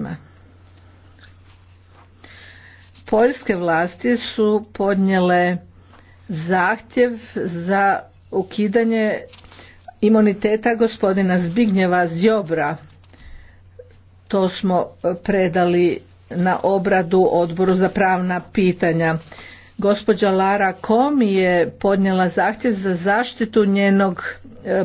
pitanjima. Poljske vlasti su podnijele zahtjev za ukidanje imuniteta gospodina Zbignjeva Zjobra. To smo predali na obradu odboru za pravna pitanja. Gospođa Lara Komi je podnijela zahtjev za zaštitu njenog e,